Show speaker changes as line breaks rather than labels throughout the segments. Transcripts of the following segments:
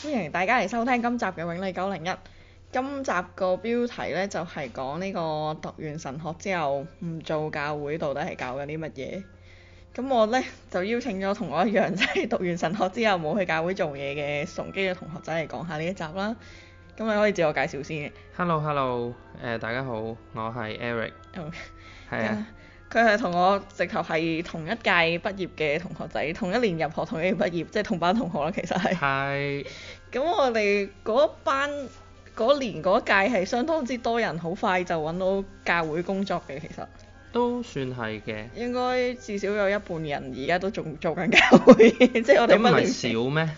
歡迎大家嚟收聽今集嘅永利九零一。今集個標題呢，就係、是、講呢、這個讀完神學之後唔做教會到底係搞緊啲乜嘢。咁我呢，就邀請咗同我一樣即係、就是、讀完神學之後冇去教會做嘢嘅崇基嘅同學仔嚟講下呢一集啦。咁你可以自我介紹先。Hello, hello，、
uh，大家好，我係 Eric。係啊。
佢係同我直頭係同一屆畢業嘅同學仔，同一年入學，同一年畢業，即係同班同學啦。其實係。係是。咁我哋嗰班嗰年嗰屆係相當之多人，好快就揾到教會工作嘅。其實。都
算係嘅。
應該至少有一半人而家都仲做緊教會， 即係我哋。唔係
少咩？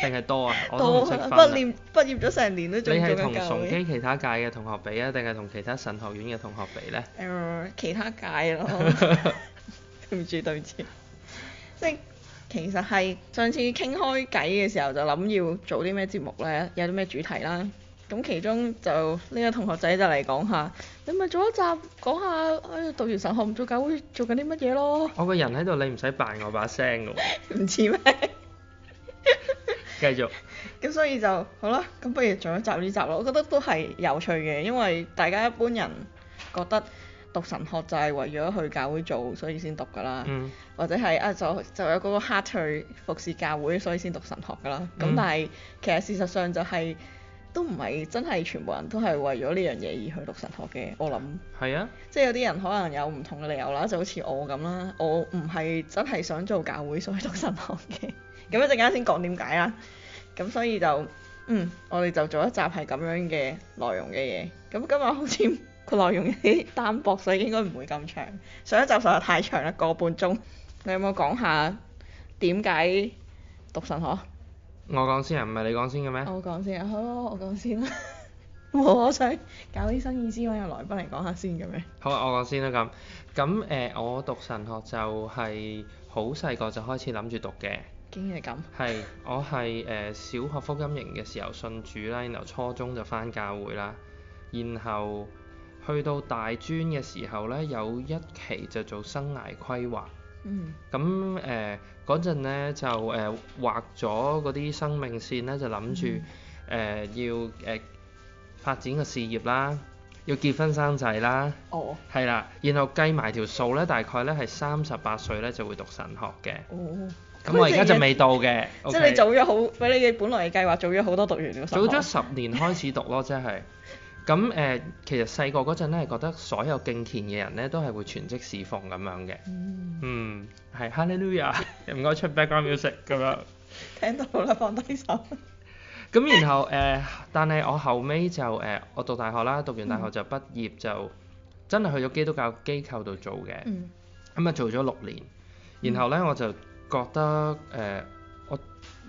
定係多啊？我都畢業
畢業咗成年都仲中你係同崇基
其他屆嘅同學比啊，定係同其他神學院嘅同學比咧？
誒，其他屆咯。對唔住對唔住，即係其實係上次傾開偈嘅時候就諗要做啲咩節目咧，有啲咩主題啦。咁其中就呢、呢個同學仔就嚟講下，你咪做一集講一下誒讀、哎、完神學唔做教會做緊啲乜嘢咯？
我個人喺度，你唔使扮我把聲嘅
喎。唔似咩？ 繼續，咁 所以就好啦。咁不如做一集呢集咯。我覺得都係有趣嘅，因為大家一般人覺得讀神學就係為咗去教會做，所以先讀噶啦，嗯、或者係啊就就有嗰個 heart 去服侍教會，所以先讀神學噶啦。咁、嗯、但係其實事實上就係、是、都唔係真係全部人都係為咗呢樣嘢而去讀神學嘅。我諗係啊，即係有啲人可能有唔同嘅理由啦。就好似我咁啦，我唔係真係想做教會所以讀神學嘅。 咁一陣間先講點解啦。咁所以就嗯，我哋就做一集係咁樣嘅內容嘅嘢。咁今日好似個內容有啲單薄，所以應該唔會咁長。上一集實在太長啦，個半鐘。你有冇講下點解讀神學？
我講先啊，唔係你講先嘅咩？
我講先啊，好啊，我講先啦。我想搞啲新意思，揾個來賓嚟講下先咁樣。
好啊，我講先啦咁。咁誒，我讀神學就係好細個就開始諗住讀嘅。係，我係誒、呃、小學福音營嘅時候信主啦，然後初中就返教會啦，然後去到大專嘅時候咧，有一期就做生涯規劃。嗯。咁誒嗰陣咧就誒畫咗嗰啲生命線咧，就諗住誒要誒、呃、發展個事業啦，要結婚生仔啦。哦。係啦，然後計埋條數咧，大概咧係三十八歲咧就會讀神學嘅。哦。咁我而家就未到嘅，即係你做
咗好，俾你嘅本來嘅計劃早咗好多讀完。早咗十
年開始讀咯，即係。咁誒，其實細個嗰陣咧，係覺得所有敬虔嘅人咧，都係會全職侍奉咁樣嘅。嗯。h a 嗯，係。哈利路亞，唔該出 background music 咁樣。聽到
啦，放低手。
咁然後誒，但係我後尾就誒，我讀大學啦，讀完大學就畢業就真係去咗基督教機構度做嘅。嗯。咁啊，做咗六年，然後咧我就。覺得誒、呃，我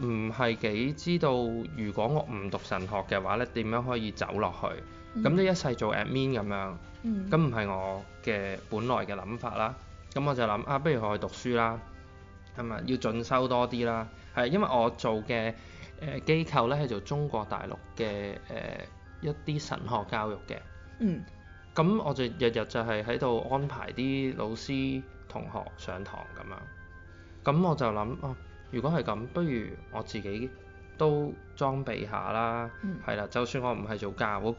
唔係幾知道，如果我唔讀神學嘅話咧，點樣可以走落去？咁、嗯、一一世做 admin 咁樣，咁唔係我嘅本來嘅諗法啦。咁我就諗啊，不如我去讀書啦，係咪？要進修多啲啦，係因為我做嘅誒、呃、機構咧，係做中國大陸嘅誒、呃、一啲神學教育嘅。
嗯。
咁我就日日就係喺度安排啲老師同學上堂咁樣。咁我就諗啊，如果係咁，不如我自己都裝備下啦。係啦、嗯，就算我唔係做教嗰、嗰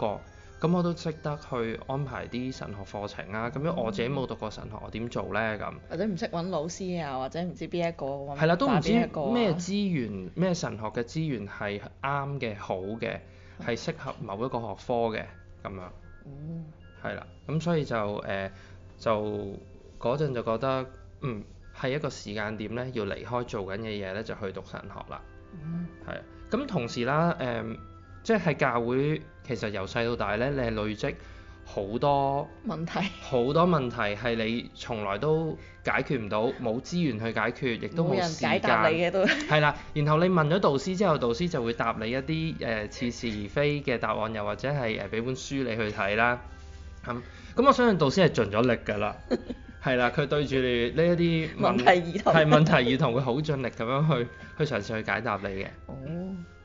個，咁我都識得去安排啲神學課程啊。咁樣我自己冇讀過神學，我點做咧？咁
或者唔識揾老師啊，或者唔知邊一個？係啦，都唔知咩、啊、
資源、咩神學嘅資源係啱嘅、好嘅，係、嗯、適合某一個學科嘅咁樣。哦、嗯。係啦，咁所以就誒、呃，就嗰陣就覺得嗯。係一個時間點咧，要離開做緊嘅嘢咧，就去讀神學啦。係咁、嗯嗯，同時啦，誒、嗯，即係教會其實由細到大咧，你係累積好多問題，好多問題係你從來都解決唔到，冇資源去解決，亦都冇時間。有人解答你嘅都係啦。然後你問咗導師之後，導師就會答你一啲誒似是而非嘅答案，又或者係誒俾本書你去睇啦。咁、嗯，咁我相信導師係盡咗力㗎啦。 係啦，佢對住你呢一啲問題兒童，係問題兒童，會好盡力咁樣去去嘗試去解答你嘅。哦。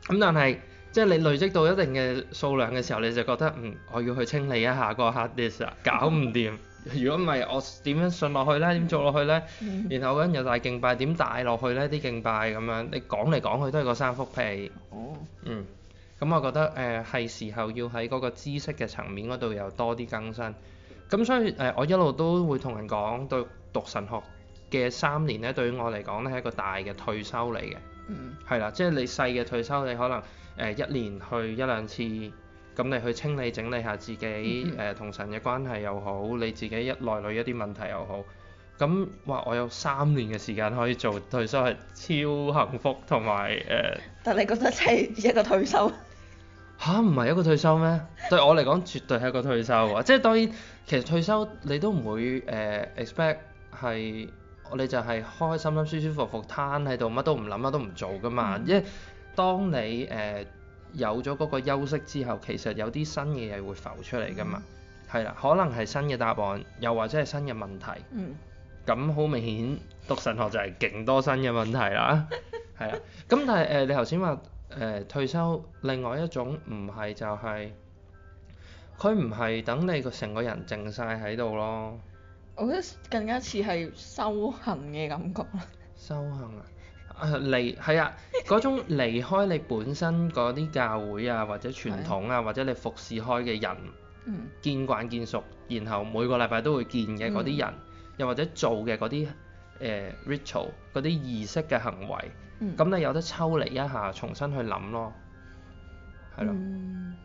咁但係即係你累積到一定嘅數量嘅時候，你就覺得嗯，我要去清理一下個 hard disk 啊，搞唔掂。如果唔係我點樣信落去咧？點做落去咧？然後咁又帶敬拜點帶落去咧？啲敬拜咁樣，你講嚟講去都係個三幅被、um,。哦。嗯，咁我覺得誒係時候要喺嗰個知識嘅層面嗰度又多啲更新。咁所以誒、呃，我一路都會同人講，對讀神學嘅三年咧，對於我嚟講咧係一個大嘅退修嚟嘅，係啦、嗯，即係你細嘅退修，你可能誒、呃、一年去一兩次，咁你去清理整理下自己誒同、嗯哼呃、神嘅關係又好，你自己一內裏一啲問題又好，咁哇，我有三年嘅時間可以做退修係超幸福同埋誒。呃、
但你覺得係一個退修？
吓，唔係、啊、一個退休咩？對我嚟講絕對係一個退休喎，即係當然其實退休你都唔會誒、呃、expect 係，你就係開開心心、舒舒服服攤喺度，乜都唔諗、乜都唔做㗎嘛。嗯、因為當你誒、呃、有咗嗰個休息之後，其實有啲新嘅嘢會浮出嚟㗎嘛。係啦、嗯，可能係新嘅答案，又或者係新嘅問題。嗯。咁好明顯，讀神學就係勁多新嘅問題啦。係啦。 咁但係誒、呃，你頭先話。呃、退休，另外一種唔係就係、是，佢唔係等你個成個人靜晒喺度咯。我
覺得更加似係修行嘅感覺啦。修行啊？誒
離係啊，嗰、啊、 種離開你本身嗰啲教會啊，或者傳統啊，或者你服侍開嘅人，啊、見慣見熟，然後每個禮拜都會見嘅嗰啲人，又、嗯、或者做嘅嗰啲、呃、ritual 嗰啲儀式嘅行為。咁、嗯、你有得抽離一下，重新去諗咯，係
咯。嗯、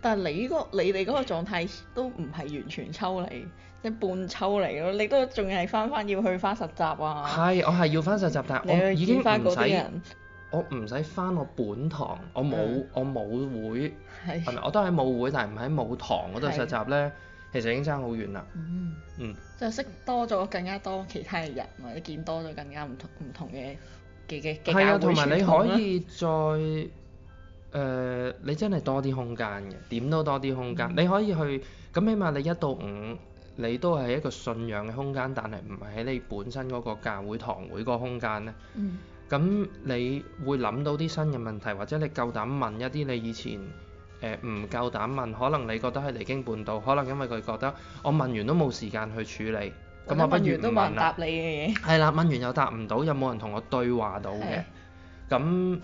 但係你、嗰個你哋嗰個狀態都唔係完全抽離，即、就係、半抽離咯。你都仲係返返要去返實習啊。係，
我係要返實習，但係我已經唔人，我唔使返我本堂，我冇、嗯、我冇會，係咪是？我都喺母會，但係唔喺母堂嗰度實習咧，是其實已經爭好遠啦。嗯。嗯。
就識多咗更加多其他嘅人，或者見多咗更加唔同唔同嘅。係啊，同埋你可以
再誒、呃，你真係多啲空間嘅，點都多啲空間。嗯、你可以去，咁起碼你一到五，你都係一個信仰嘅空間，但係唔係喺你本身嗰個教會堂會個空間呢。嗯。咁你會諗到啲新嘅問題，或者你夠膽問一啲你以前誒唔、呃、夠膽問，可能你覺得係離經叛道，可能因為佢覺得我問完都冇時間去處理。咁我不如嘅嘢，係啦，問完又答唔到，又有冇人同我對話到嘅？咁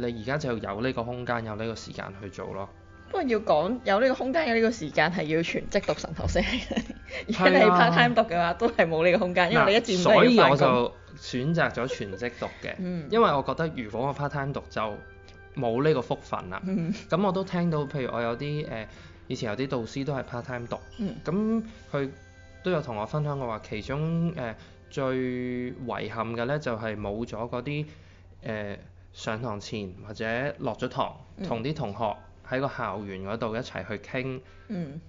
的你而家就有呢個空間，有呢個時間去做咯。
不過要講有呢個空間有呢個時間，係要全職讀神學先， 如果你 part time 讀嘅話，都係冇呢個空間，因為你一佔飛快工。所以我就
選擇咗全職讀嘅， 嗯、因為我覺得如果我 part time 讀就冇呢個福分啦。咁、嗯、我都聽到，譬如我有啲誒、呃、以前有啲導師都係 part time 讀，咁佢、嗯。都有同我分享過，話，其中誒最遺憾嘅咧就係冇咗嗰啲誒，上堂前或者落咗堂同啲同學喺個校園嗰度一齊去傾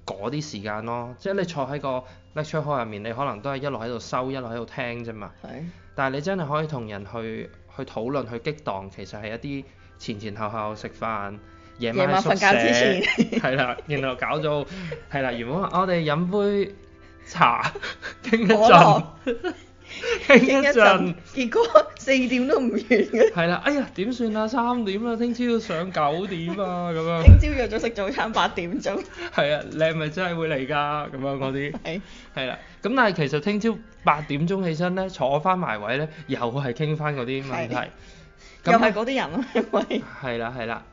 嗰啲時間咯，即係你坐喺個 lecture hall 入面，你可能都係一路喺度收一路喺度聽啫嘛。係。但係你真係可以同人去去討論去激盪，其實係一啲前前後後食飯夜晚瞓覺之前係啦，然後搞到係啦，原本我哋飲杯。查，傾一陣，
傾的一陣， 一
結果四點都唔完嘅。係啦，哎呀點算啊？三點啦，聽朝要上九點啊咁樣。聽
朝約咗食早餐八點鐘。
係啊，你係咪真係會嚟㗎咁樣嗰啲。係係啦，咁的但係其實聽朝八點鐘起身咧，坐翻埋位咧，又係傾翻嗰啲問題。的麼又係嗰
啲人咯，啊，因為
係啦係啦。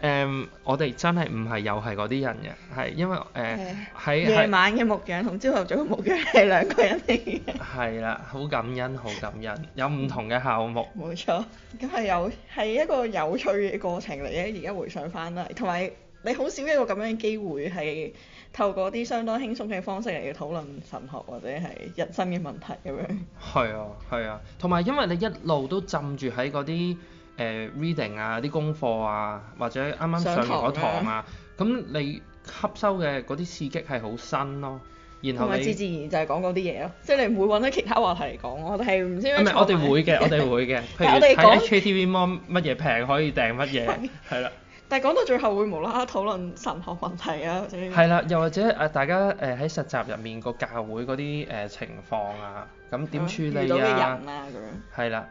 誒，um, 我哋真係唔係又係嗰啲人嘅，係因為誒喺夜晚
嘅木匠同朝頭早嘅木匠係兩個人嚟嘅。
係啦，好感恩，好感恩， 有唔同嘅項目。
冇錯，咁係有係一個有趣嘅過程嚟嘅。而家回想翻啦，同埋你好少一個咁樣嘅機會係透過啲相當輕鬆嘅方式嚟去討論神學或者係人生嘅問題咁樣。
係啊， 係啊，同埋因為你一路都浸住喺嗰啲。誒 reading 啊，啲、嗯、功課啊，或者啱啱上堂啊，咁你吸收嘅嗰啲刺激係好新咯，然後咪自自
然就係講嗰啲嘢咯，即係你唔會揾到其他話題嚟講咯，但係唔知咩？唔係我哋會
嘅，我哋會嘅。譬如我哋喺 HKTVmall 乜嘢平可以訂乜嘢，係啦。
但係講到最後會無啦啦討論神學問題啊，或係啦，
又或者啊大家誒喺、呃、實習入面個教會嗰啲誒情況啊，咁點處理啊？遇人啊，咁樣係啦。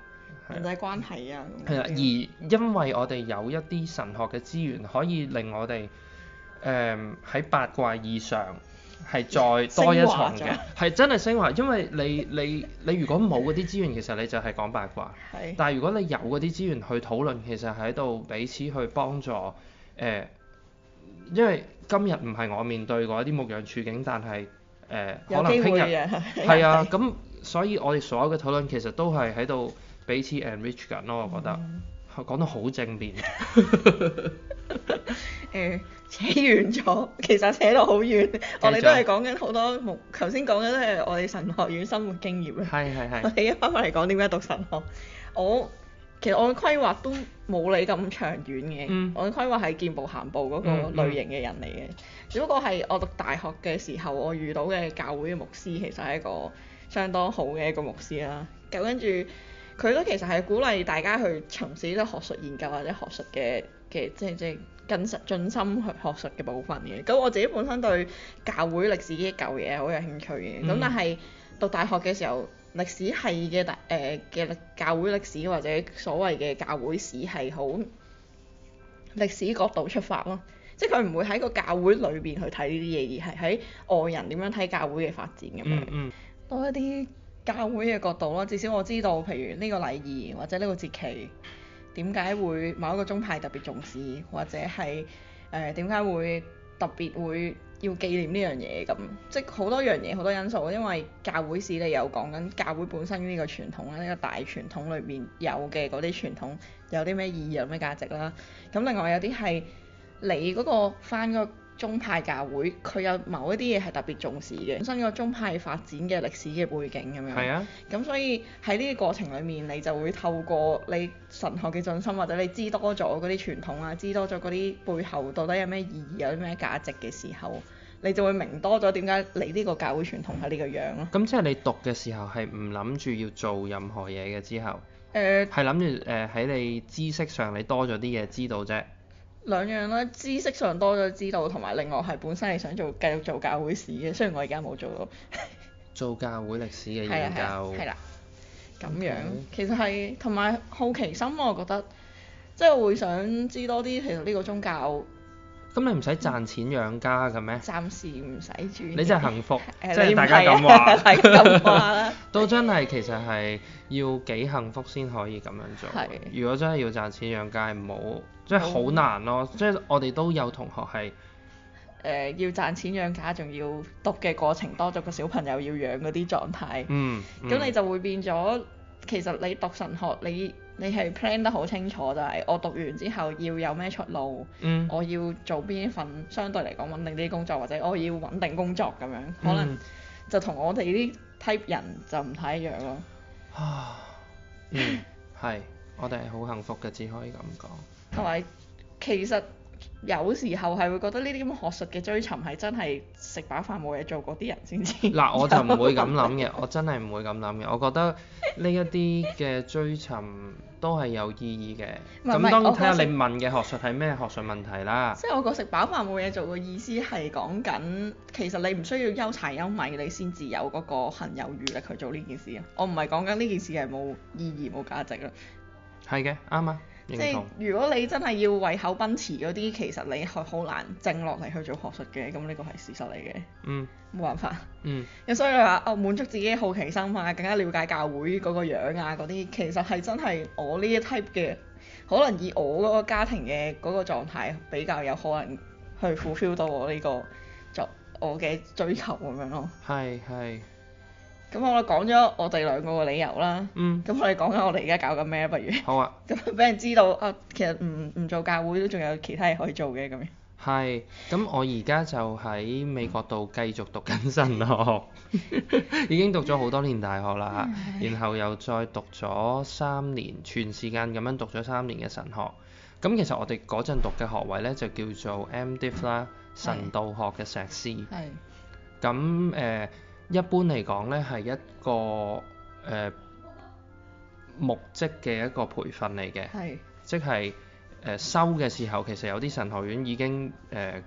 人際關係啊，係
啦，而因為我哋有一啲神學嘅資源，可以令我哋誒喺八卦以上係再多一層嘅，係真係昇華。因為你你你如果冇嗰啲資源，其實你就係講八卦。的但係如果你有嗰啲資源去討論，其實喺度彼此去幫助誒、呃，因為今日唔係我面對過一啲牧養處境，但係誒、呃、可能聽日係啊，咁是所以我哋所有嘅討論其實都係喺度。彼此 enrich 緊咯，我覺得講、嗯、得好正面。
誒、 呃，扯遠咗，其實扯到好遠。續我哋都係講緊好多牧，頭先講緊都係我哋神學院生活經驗嘅。係係我哋一番翻嚟講點解讀神學？我其實我嘅規劃都冇你咁長遠嘅。嗯、我嘅規劃係見步行步嗰個類型嘅人嚟嘅。嗯嗯、只不過係我讀大學嘅時候，我遇到嘅教會嘅牧師其實係一個相當好嘅一,一個牧師啦。咁跟住。佢都其實係鼓勵大家去從事啲學術研究或者學術嘅嘅，即係即係跟實進心學學術嘅部分嘅。咁我自己本身對教會歷史啲舊嘢好有興趣嘅。咁、嗯、但係讀大學嘅時候，歷史系嘅大誒嘅教會歷史或者所謂嘅教會史係好歷史角度出發咯，即係佢唔會喺個教會裏邊去睇呢啲嘢，而係喺外人點樣睇教會嘅發展咁樣。嗯嗯、多一啲。教會嘅角度咯，至少我知道，譬如呢個禮儀或者呢個節期，點解會某一個宗派特別重視，或者係誒點解會特別會要紀念呢樣嘢咁，即係好多樣嘢，好多因素，因為教會史你有講緊教會本身呢個傳統啦，呢個大傳統裏面有嘅嗰啲傳統有啲咩意義，有咩價值啦，咁另外有啲係你嗰個翻嗰。宗派教會，佢有某一啲嘢係特別重視嘅，本身個宗派發展嘅歷史嘅背景咁樣，係啊。咁所以喺呢個過程裏面，你就會透過你神學嘅進深，或者你知多咗嗰啲傳統啊，知多咗嗰啲背後到底有咩意義，有啲咩價值嘅時候，你就會明多咗點解你呢個教會傳統係呢個樣咯。
咁、嗯、即係你讀嘅時候係唔諗住要做任何嘢嘅之後誒，係諗住誒，喺你知識上你多咗啲嘢知道啫。
兩樣啦，知識上多咗知道，同埋另外係本身係想做繼續做教會史嘅，雖然我而家冇做到 。
做教會歷史嘅研究。係啦、啊。咁、
啊、樣，Okay. 其實係同埋好奇心，我覺得，即係會想知多啲其實呢個宗教。
咁你唔使賺錢養家嘅咩？
暫時唔使住。你真係幸福，即係、呃、大家咁話、 啊。係咁話
啦。 都真係其實係要幾幸福先可以咁樣做？如果真係要賺錢養家，係好。即係好難咯，嗯、即係我哋都有同學係
誒、呃、要賺錢養家，仲要讀嘅過程多咗個小朋友要養嗰啲狀態。嗯，咁、嗯、你就會變咗，其實你讀神學，你你係 plan 得好清楚，就係、係、我讀完之後要有咩出路，嗯、我要做邊一份相對嚟講穩定啲工作，或者我要穩定工作咁樣，嗯、可能就同我哋啲 type 人就唔太一樣咯。啊，嗯，
係， 我哋係好幸福嘅，只可以咁講。
同埋，其實有時候係會覺得呢啲咁嘅學術嘅追尋係真係食飽飯冇嘢做嗰啲人先知。
嗱，我就唔會咁諗嘅，我真係唔會咁諗嘅。我覺得呢一啲嘅追尋都係有意義嘅。咁 是當然睇下你問嘅學術係咩學術問題啦。
即係我講食飽飯冇嘢做嘅意思係講緊，其實你唔需要優才優米憂柴憂米，你先至有嗰個行有餘力去做呢件事啊。我唔係講緊呢件事係冇意義冇價值啦。係嘅，啱啊。即係如果你真係要胃口奔馳嗰啲，其實你係好難靜落嚟去做學術嘅，咁呢個係事實嚟嘅。嗯。冇辦法。嗯。咁所以話啊、哦，滿足自己好奇心啊，更加了解教會嗰個樣啊，嗰啲其實係真係我呢一 type 嘅，可能以我嗰個家庭嘅嗰個狀態比較有可能去 fulfill 到我呢個作我嘅追求咁樣咯。係，係。咁我講咗我哋兩個嘅理由啦。嗯。咁、嗯、我哋講緊我哋而家搞緊咩，不如。好啊。咁俾 人知道啊，其實唔唔做教會都仲有其他嘢可以做嘅咁樣。
係。咁我而家就喺美國度繼續讀緊神學， 已經讀咗好多年大學啦， 然後又再讀咗三年，全時間咁樣讀咗三年嘅神學。咁其實我哋嗰陣讀嘅學位咧就叫做 M.Div 啦，神道學嘅碩士。係 是。咁誒。呃一般嚟講咧，係一個誒牧職嘅一個培訓嚟嘅，是即係誒、呃、收嘅時候，其實有啲神學院已經誒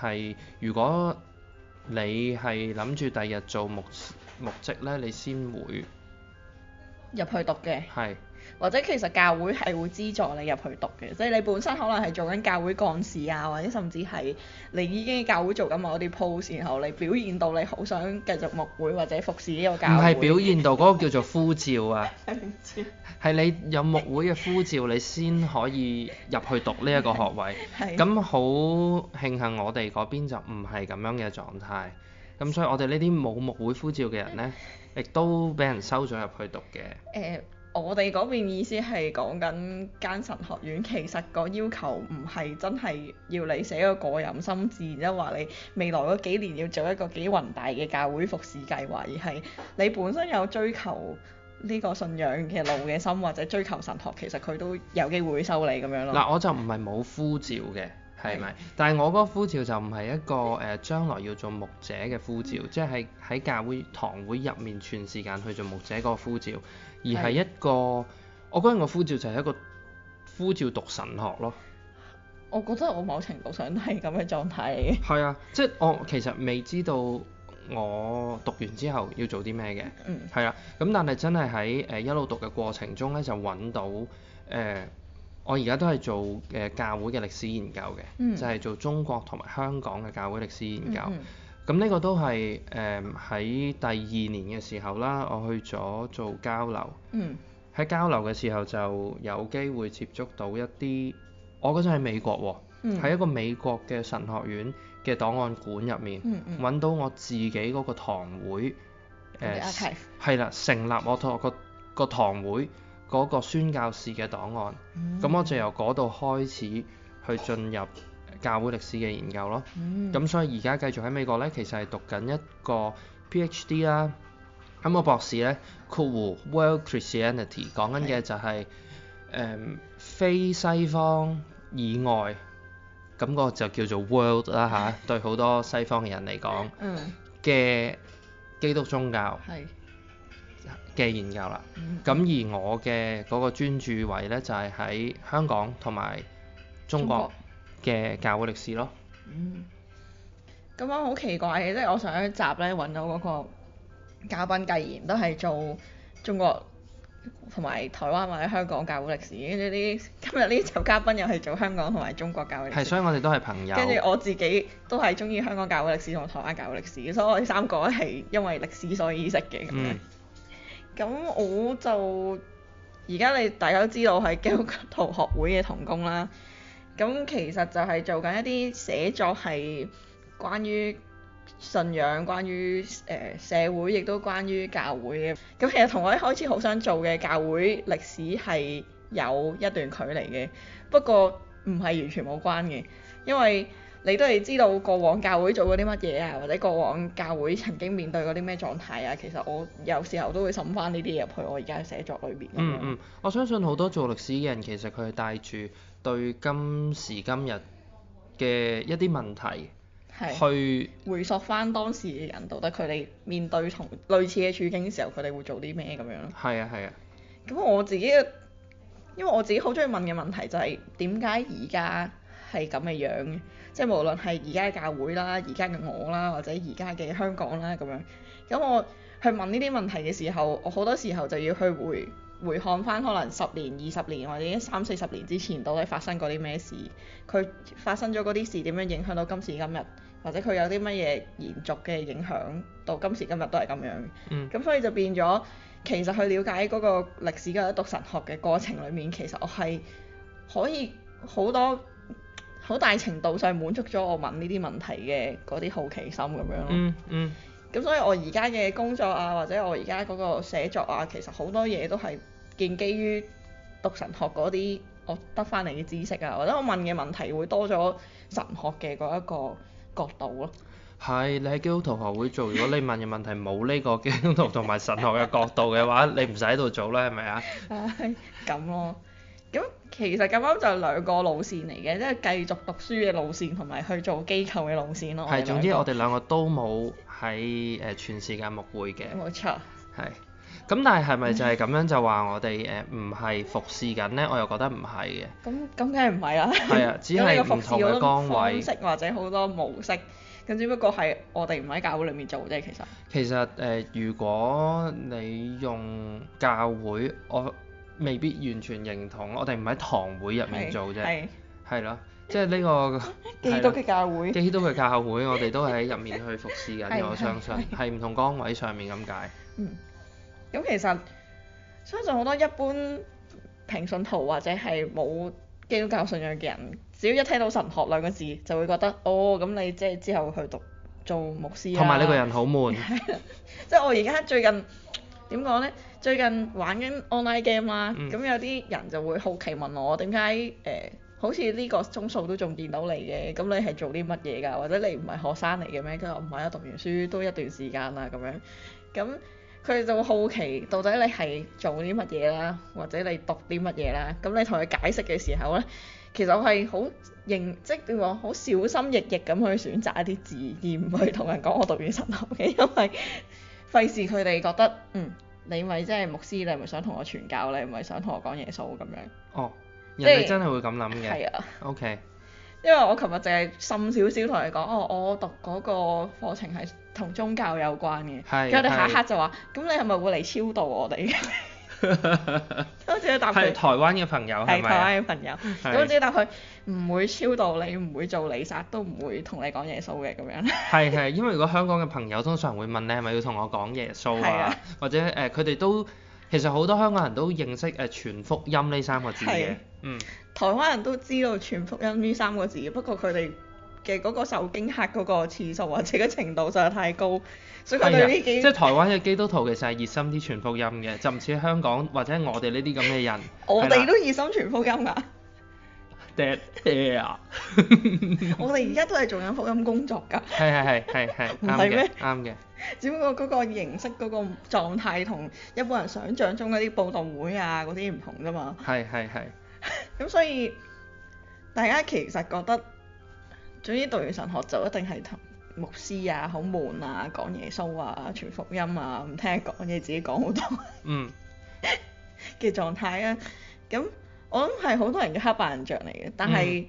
係、呃，如果你係諗住第日做牧牧職咧，你先會
入去讀嘅。係。或者其實教會係會資助你入去讀嘅，即、就、係、是、你本身可能係做緊教會幹事啊，或者甚至係你已經教會做緊某啲 p 然後你表現到你好想繼續木會或者服侍呢個教會。唔係表現
到，嗰 個叫做呼召啊。係 你有木會嘅呼召，你先可以入去讀呢一個學位。咁好 慶幸我哋嗰邊就唔係咁樣嘅狀態。咁所以我哋呢啲冇木會呼召嘅人呢，亦都俾人收咗入去讀嘅。呃
我哋嗰邊意思係講緊間神學院，其實個要求唔係真係要你寫個個人心志，即係話你未來嗰幾年要做一個幾宏大嘅教會服侍計劃，而係你本身有追求呢個信仰嘅路嘅心，或者追求神學，其實佢都有機會收你咁樣咯。嗱，我
就唔係冇呼召嘅。係咪？但係我嗰個呼召就唔係一個誒對、uh, 將來要做牧者嘅呼召，嗯、即係喺教會堂會入面全時間去做牧者嗰個呼召，對而係一個我嗰陣嘅呼召就係一個呼召讀神學咯。
我覺得我某程度上係咁嘅狀態。
係 啊，即係我其實未知道我讀完之後要做啲咩嘅。嗯。係啦、啊，咁但係真係喺誒一路讀嘅過程中咧，就揾到誒。呃我而家都係做誒教會嘅歷史研究嘅，嗯、就係做中國同埋香港嘅教會歷史研究。咁呢、嗯嗯、個都係誒喺第二年嘅時候啦，我去咗做交流。喺、嗯、交流嘅時候就有機會接觸到一啲，我嗰陣喺美國喎、喔，喺、嗯嗯、一個美國嘅神學院嘅檔案館入面揾到我自己嗰個堂會
誒，
係啦，成立我、嗰個、嗰個堂會。嗰個宣教士嘅檔案，咁、嗯、我就由嗰度開始去進入教會歷史嘅研究咯。咁、嗯、所以而家繼續喺美國咧，其實係讀緊一個 PhD 啦。咁、那、我、個、博士咧，括弧 World Christianity 講緊嘅就係、是、誒的、嗯、非西方以外，咁、那個就叫做 World 啦嚇的、啊。對好多西方嘅人嚟講嘅、嗯、基督宗教。嘅研究啦，咁、嗯、而我嘅嗰個專注位呢，就係、是、喺香港同埋中國嘅教會歷史咯。
咁我好奇怪嘅，即係我上一集咧揾到嗰個嘉賓繼言都係做中國同埋台灣或者香港教會歷史，跟住呢，今日呢就嘉賓又係做香港同埋中國教會歷史。係，所以
我哋都係朋友。跟住
我自己都係中意香港教會歷史同台灣教會歷史，所以我哋三個咧係因為歷史所以識嘅。咁、嗯、我就而家你大家都知道係基督徒學會嘅童工啦。咁、嗯、其實就係做緊一啲寫作係關於信仰，關於誒、呃、社會，亦都關於教會嘅。咁、嗯、其實同我一開始好想做嘅教會歷史係有一段距離嘅，不過唔係完全冇關嘅，因為。你都係知道過往教會做過啲乜嘢啊，或者過往教會曾經面對過啲咩狀態啊？其實我有時候都會審翻呢啲嘢入去我而家嘅寫作裏面。嗯嗯，
我相信好多做歷史嘅人其實佢係帶住對今時今日嘅一啲問題是，
係去回溯翻當時嘅人，到底佢哋面對同類似嘅處境嘅時候，佢哋會做啲咩咁樣咯？係啊係啊。咁我自己嘅，因為我自己好中意問嘅問題就係點解而家？係咁嘅樣，樣，即係無論係而家嘅教會啦、而家嘅我啦，或者而家嘅香港啦咁樣。咁我去問呢啲問題嘅時候，我好多時候就要去回回看翻可能十年、二十年或者三四十年之前到底發生過啲咩事，佢發生咗嗰啲事點樣影響到今時今日，或者佢有啲乜嘢延續嘅影響到今時今日都係咁樣。咁、嗯、所以就變咗，其實去了解嗰個歷史嘅讀神學嘅過程裡面，其實我係可以好多。好大程度上滿足咗我問呢啲問題嘅嗰啲好奇心咁樣咯。嗯嗯。咁所以我而家嘅工作啊，或者我而家嗰個寫作啊，其實好多嘢都係建基於讀神學嗰啲我得翻嚟嘅知識啊，或者我問嘅問題會多咗神學嘅嗰一個角度咯。
係，你喺基督徒學會做，如果你問嘅問題冇呢個基督徒同埋神學嘅角度嘅話， 你唔使喺度做啦，係咪啊？
唉啊，係咁咯。其實咁啱就兩個路線嚟嘅，即係繼續讀書嘅路線同埋去做機構嘅路線咯。係對，總之我哋
兩個都冇喺誒全時間牧會嘅。冇錯錯。係。咁但係係咪就係咁樣就話我哋誒唔係服侍緊咧？我又覺得唔係嘅。
咁咁梗係唔係啦？係啊，只係 唔同嘅崗位或者好多模式，咁只不過係我哋唔喺教會裡面做啫，其實。
其實誒、呃，如果你用教會我。未必完全認同，我哋唔喺堂會入面是做啫，係咯的，的即係呢、呢個基督嘅教會，基督嘅教會，我哋都喺入面去服侍緊， 的我相信係唔同崗位上面咁解。嗯，
咁其實相信好多一般平信徒或者係冇基督教信仰嘅人，只要一聽到神學兩個字，就會覺得哦，咁你即係之後去讀做牧師同埋呢個人好悶， 即係我而家最近。 點講呢？最近玩緊 online game 啦，嗯，咁有啲人就會好奇問我點解誒，好似呢個鐘數都仲見到你嘅，咁你係做啲乜嘢㗎？或者你唔係學生嚟嘅咩？跟住我唔係啊，讀完書都一段時間啦咁樣。咁佢哋就會好奇，到底你係做啲乜嘢啦，或者你讀啲乜嘢啦？咁你同佢解釋嘅時候呢，其實我係好認，即係譬如話好小心翼翼咁去選擇一啲字，而唔去同人講我讀完神學嘅，因為。 費事佢哋覺得，嗯，你咪即係牧師，你咪想同我傳教，你咪想同我講耶穌咁樣。
哦，人哋真係會咁諗嘅。係、就係、啊。O K。
因為我琴日淨係深少少同你講，哦，我讀嗰個課程係同宗教有關嘅。係是。佢哋下一刻就話，咁是你係咪會嚟超度我哋？ 都 只答佢，係台
灣嘅朋友，係台灣嘅朋友，都只答
佢唔會超度你，唔會做彌撒，都唔會同你講耶穌嘅咁樣的。
係係，因為如果香港嘅朋友通常會問你係咪要同我講耶穌啊？的或者誒佢哋都其實好多香港人都認識誒傳、呃、福音呢三個字嘅。的嗯，
台灣人都知道傳福音呢三個字，不過佢哋嘅嗰個受驚嚇嗰個次數或者個程度實在太高。所以佢哋呢啲，即係
台灣嘅基督徒其實係熱心啲傳福音嘅，就唔似香港或者我哋呢啲咁嘅人。我哋都
熱心傳福音㗎。爹
爹啊！
我哋而家都係做緊福音工作㗎。係
係係係係。唔係咩？啱嘅，啱嘅。
只不過嗰個形式、嗰、嗰個狀態，同一般人想像中嗰啲布道會啊嗰啲唔同啫嘛。係係係。咁 所以大家其實覺得，總之讀完神學就一定係同。牧師啊，好悶啊，講耶穌啊，傳福音啊，唔聽人講嘢，自己講好多，嗯嘅狀態啊。咁我諗係好多人嘅黑白人像嚟嘅。但係、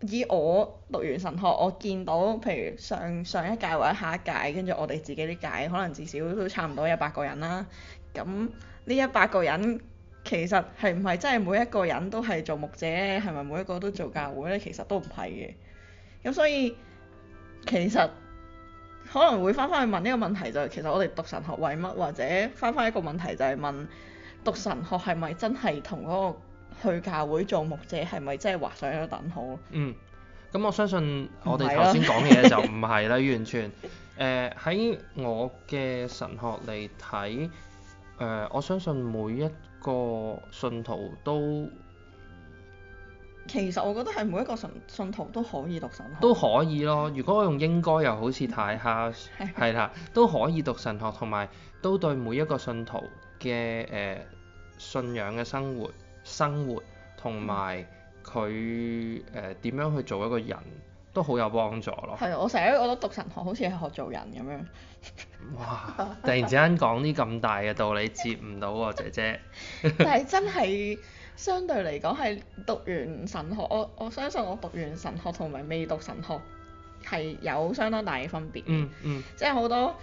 嗯、以我讀完神學，我見到譬如上上一屆或者下一屆，跟住我哋自己啲屆，可能至少都差唔多一百個人啦。咁呢一百個人其實係唔係真係每一個人都係做牧者咧？係咪每一個都做教會咧？其實都唔係嘅。咁所以。其實可能會翻翻去問呢個問題就係，其實我哋讀神學為乜？或者翻翻一個問題就係、是、問，問，讀神學係咪真係同嗰個去教會做牧者係咪真係劃上一個等號？嗯，
咁我相信我哋頭先講嘅嘢，就唔係啦， 完全誒喺、呃、我嘅神學嚟睇誒，我相信每一個信徒都。
其實我覺得係每一個信徒都可以讀神學都
可以咯。如果我用應該又好似太下，係啦， 都可以讀神學，同埋都對每一個信徒嘅誒、呃、信仰嘅生活、生活同埋佢誒點樣去做一個人都好有幫助咯。係
啊，我成日覺得讀神學好似係學做人咁樣。哇！突然之
間講啲咁大嘅道理，接唔到啊姐姐。
但係真係。 相對嚟講係讀完神學，我我相信我讀完神學同埋未讀神學係有相當大嘅分別，嗯。嗯嗯，即係好多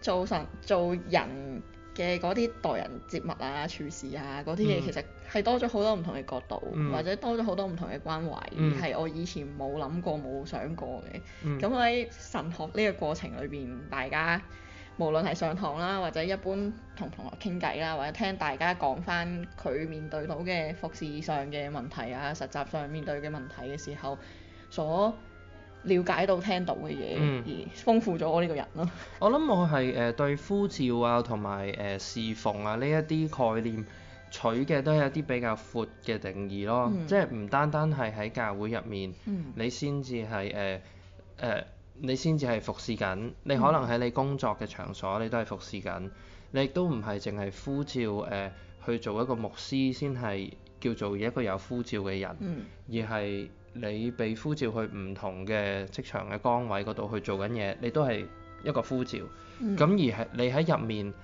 做神做人嘅嗰啲待人接物啊、處事啊嗰啲嘢，其實係多咗好多唔同嘅角度，嗯、或者多咗好多唔同嘅關懷，係、嗯、我以前冇諗過、冇想過嘅。咁喺、嗯、神學呢個過程裏邊，大家，無論係上堂啦，或者一般同同學傾偈啦，或者聽大家講翻佢面對到嘅服侍上嘅問題啊，實習上面對嘅問題嘅時候，所了解到聽到嘅嘢，嗯、而豐富咗我呢個人咯。
我諗我係誒、呃、對呼召啊，同埋誒侍奉啊呢一啲概念取嘅都係一啲比較闊嘅定義咯，嗯、即係唔單單係喺教會入面，嗯、你先至係誒誒。呃呃呃你先至係服侍緊，你可能喺你工作嘅場所，你都係服侍緊。你亦都唔係淨係呼召誒、呃、去做一個牧師先係叫做一個有呼召嘅人，嗯、而係你被呼召去唔同嘅職場嘅崗位嗰度去做緊嘢，你都係一個呼召。咁、嗯、而係你喺入面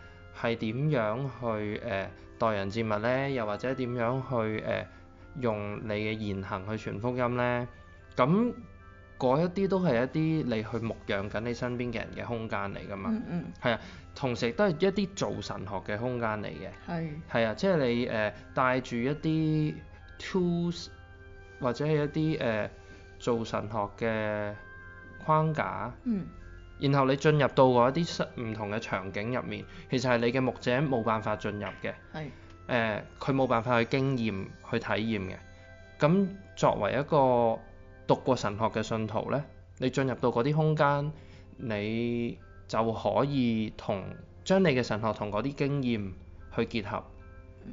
係點樣去誒待、呃、人接物呢？又或者點樣去誒、呃、用你嘅言行去傳福音呢？咁嗰一啲都係一啲你去牧養緊你身邊嘅人嘅空間嚟㗎嘛，係嗯嗯啊，同時都係一啲做神學嘅空間嚟嘅，係是，係啊，即係你誒帶住一啲 tools 或者係一啲誒做神學嘅框架，嗯，然後你進入到嗰一啲唔同嘅場景入面，其實係你嘅牧者冇辦法進入嘅，係誒佢冇辦法去經驗去體驗嘅，咁作為一個。讀過神學嘅信徒咧，你進入到嗰啲空間，你就可以同將你嘅神學同嗰啲經驗去結合，嗯、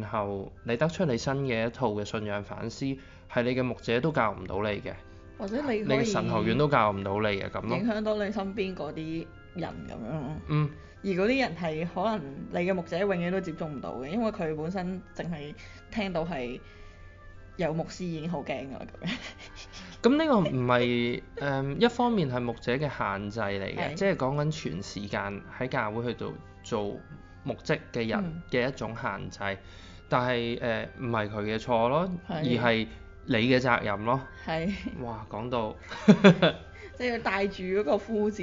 然後你得出你新嘅一套嘅信仰反思，係你嘅牧者都教唔到你嘅，
或者你嘅神學院都
教唔到你嘅咁咯。影響
到你身邊嗰啲人咁樣咯。嗯。而嗰啲人係可能你嘅牧者永遠都接觸唔到嘅，因為佢本身淨係聽到係。有牧師已經好驚㗎啦咁樣。
咁呢個唔係，誒一方面係牧者嘅限制嚟嘅，即係講緊全時間喺教會去到做牧職嘅人嘅、嗯、一種限制。但係誒唔係佢嘅錯咯，而係你嘅責任咯。
係。哇，
講到。即
雷係話、就是、要帶住嗰個呼召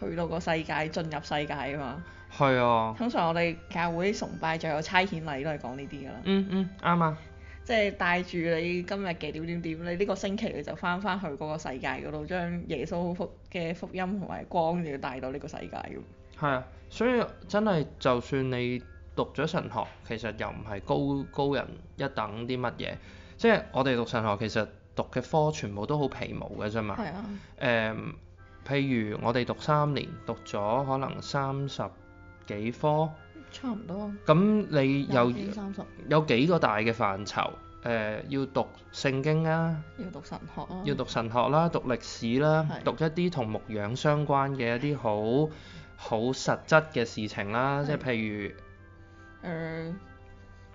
去到個世界，進入世界啊嘛。
係啊。通
常我哋教會崇拜最有差遣禮都係講呢啲㗎啦。嗯嗯、mm，啱啊。即係帶住你今日嘅點點點，你呢個星期你就返返去嗰個世界嗰度，將耶穌福嘅福音同埋光要帶到呢個世界咁。
係啊，所以真係就算你讀咗神學，其實又唔係高高人一等啲乜嘢。即係我哋讀神學，其實讀嘅科全部都好皮毛嘅啫嘛。係啊的。誒、嗯，譬如我哋讀三年，讀咗可能三十幾科。
差唔
多。咁你有有幾個大嘅範疇？誒，要讀聖經啊，要
讀神學啊，要
讀神學啦，讀歷史啦，讀一啲同牧養相關嘅一啲好好實質嘅事情啦，即係譬如誒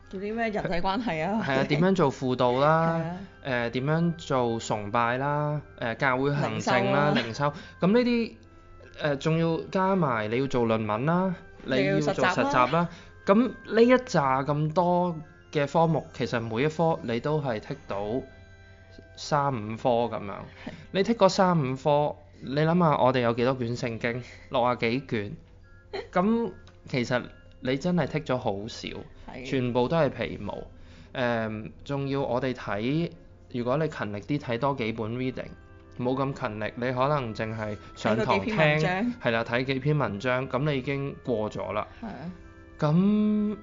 做啲咩人際關係啊，係啊，點樣
做輔導啦，誒點樣做崇拜啦，誒教會行政啦，靈修。咁呢啲誒仲要加埋你要做論文啦。你要做實習啦，咁呢 一扎咁多嘅科目，其實每一科你都係剔到三五科咁樣， 你剔嗰三五科，你諗下我哋有幾多卷聖經，六啊幾卷，咁 其實你真係剔咗好少， 全部都係皮毛，誒，仲、 嗯、要我哋睇，如果你勤力啲睇多幾本 reading。冇咁勤力，你可能淨係上堂聽，係啦，睇幾篇文章，咁你已經過咗啦。係啊。咁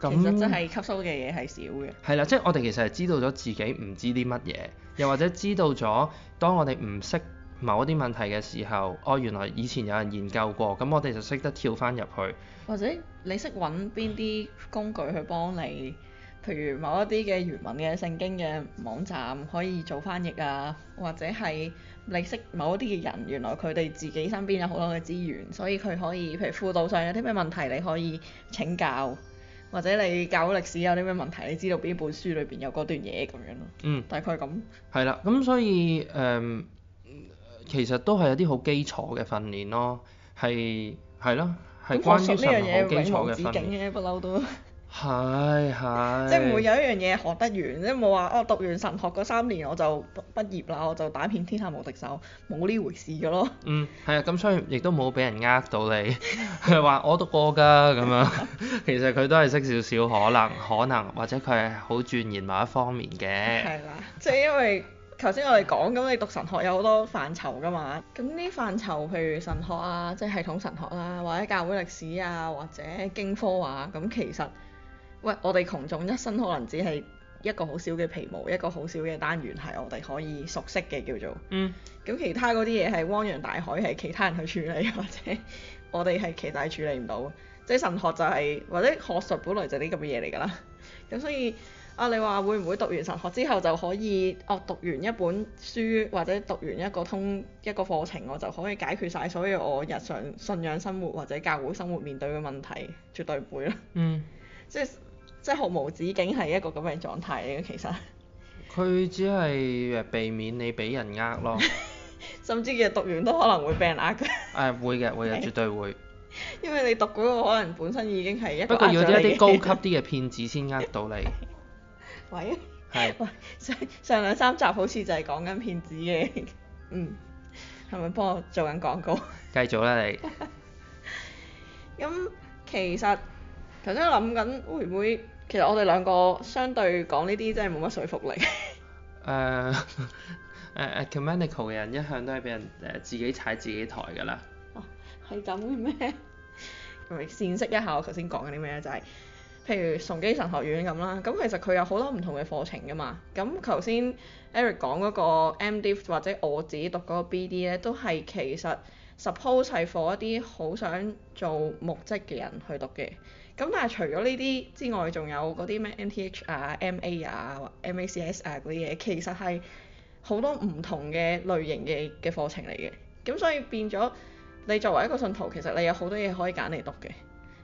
咁其實真係
吸收嘅嘢係少嘅。
係啦，即係、就是、我哋其實係知道咗自己唔知啲乜嘢，又或者知道咗當我哋唔識某一啲問題嘅時候， 哦，原來以前有人研究過，咁我哋就識得跳翻入去。
或者你識揾邊啲工具去幫你？譬如某一啲嘅原文嘅聖經嘅網站可以做翻譯啊，或者係你識某一啲嘅人，原來佢哋自己身邊有好多嘅資源，所以佢可以譬如輔導上有啲咩問題，你可以請教，或者你教歷史有啲咩問題，你知道邊本書裏邊有嗰段嘢咁樣咯、嗯，嗯，大概咁。
係啦，咁所以誒，其實都係有啲好基礎嘅訓練咯，係係咯，係關於呢樣嘢好基礎嘅訓
練，不嬲都。
係係，即係唔會有
一樣嘢學得完，即係冇話哦讀完神學嗰三年我就畢業啦，我就打遍天下無敵手，冇呢回事噶咯。
嗯，係啊，咁所以亦都冇俾人呃到你，佢話 我讀過㗎咁樣。其實佢都係識少少，可能 可能或者佢係好鑽研某一方面嘅。係
啦、啊，即係因為頭先我哋講咁，你讀神學有好多範疇㗎嘛。咁呢範疇譬如神學啊，即係系統神學啊，或者教會歷史啊，或者經科啊，咁，其實。喂，我哋窮眾一生可能只係一個好少嘅皮毛，一個好少嘅單元係我哋可以熟悉嘅叫做，咁、嗯、其他嗰啲嘢係汪洋大海，係其他人去處理或者我哋係其他係處理唔到，即係神學就係、是、或者學術本來就係啲咁嘅嘢嚟㗎啦。咁所以啊，你話會唔會讀完神學之後就可以，哦、啊、讀完一本書或者讀完一個通一個課程，我就可以解決晒。所以我日常信仰生活或者教會生活面對嘅問題，絕對唔會啦。嗯，即係。即係毫無止境係一個咁嘅狀態嚟嘅其實。
佢只係避免你俾人呃咯。
甚至其實讀完都可能會俾人呃
嘅。誒、 啊、會嘅會嘅絕對會。
因為你讀嗰個可能本身已經係一個。不過要一啲高級
啲嘅騙子先呃到你。
喂。係是。 上上兩三集好似就係講緊騙子嘅。嗯。係咪幫我做緊廣告？
繼續啦你。
咁 其實。頭先諗緊會唔會，哎、auch，其實我哋兩個相對講呢啲真係冇乜說服力。
誒誒誒，ecumenical 嘅人一向都係俾人誒、啊、自己踩自己台㗎啦。哦，
係咁嘅咩？咁咪辨識一下，我頭先講緊啲咩就係、是、譬如崇基神學院咁啦，咁其實佢有好多唔同嘅課程㗎嘛。咁頭先 Eric 講嗰個 M.Div. 或者我自己讀嗰個 B.D. 咧，都係其實 suppose 係 for 一啲好想做牧職嘅人去讀嘅。咁但係除咗呢啲之外，仲有嗰啲咩 MTH 啊、MA 啊、MACS 啊嗰啲嘢，其實係好多唔同嘅類型嘅嘅課程嚟嘅。咁所以變咗你作為一個信徒，其實你有好多嘢可以揀嚟讀嘅。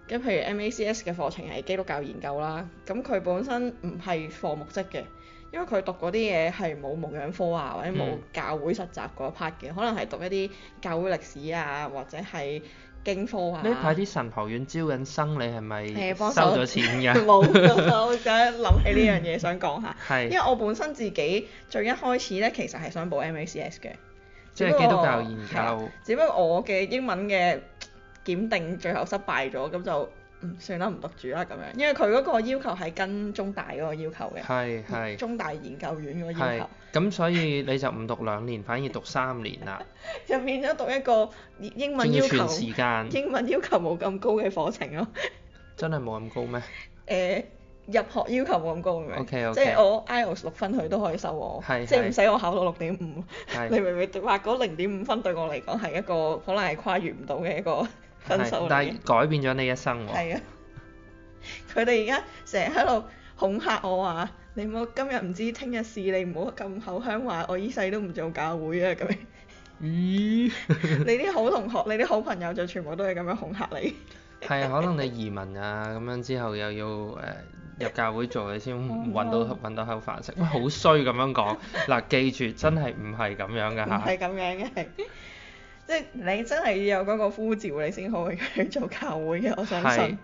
咁譬如 MACS 嘅課程係基督教研究啦，咁佢本身唔係課目式嘅，因為佢讀嗰啲嘢係冇模樣科啊，或者冇教會實習嗰一 part 嘅，嗯、可能係讀一啲教會歷史啊，或者係。經科，你睇啲
神學院招緊生，你係咪收咗錢㗎？冇啊！我
而家諗起呢樣嘢想講下，因為我本身自己最一開始咧，其實係想報 M.A.C.S 嘅，即係基督教
研究。
只不過我嘅英文嘅檢定最後失敗咗，咁就。嗯，算啦，唔讀住啦咁樣，因為佢嗰個要求係跟中大嗰個要求嘅，係係中大研究院嗰個要求。係。
咁所以你就唔讀兩年，反而讀三年啦。
就變咗讀一個英文要求時間，英文要求冇咁高嘅課程咯。真係冇咁高咩？誒，入學要求冇咁高，係咪？O K O K。即係我 IELTS 六分佢都可以收我，係即係唔使我考到六點五。係。你明唔明白？嗰零點五分對我嚟講係一個可能係跨越唔到嘅一個。但係
改變咗你一生喎、哦。係
啊，佢哋而家成日喺度恐嚇我啊。你唔好今日唔知，聽日試你唔好咁口香話，我一世都唔做教會啊咁咦？ 你啲好同學，你啲好朋友就全部都係咁樣恐嚇你。
係 啊，可能你移民啊，咁樣之後又要誒，呃、入教會做嘢，你先揾到到口飯食。哇，好衰咁樣講。嗱，記住，真係唔係咁樣㗎嚇。唔係
咁樣嘅。 即係你真係要有嗰個呼召，你先可以去做教會嘅。我相信，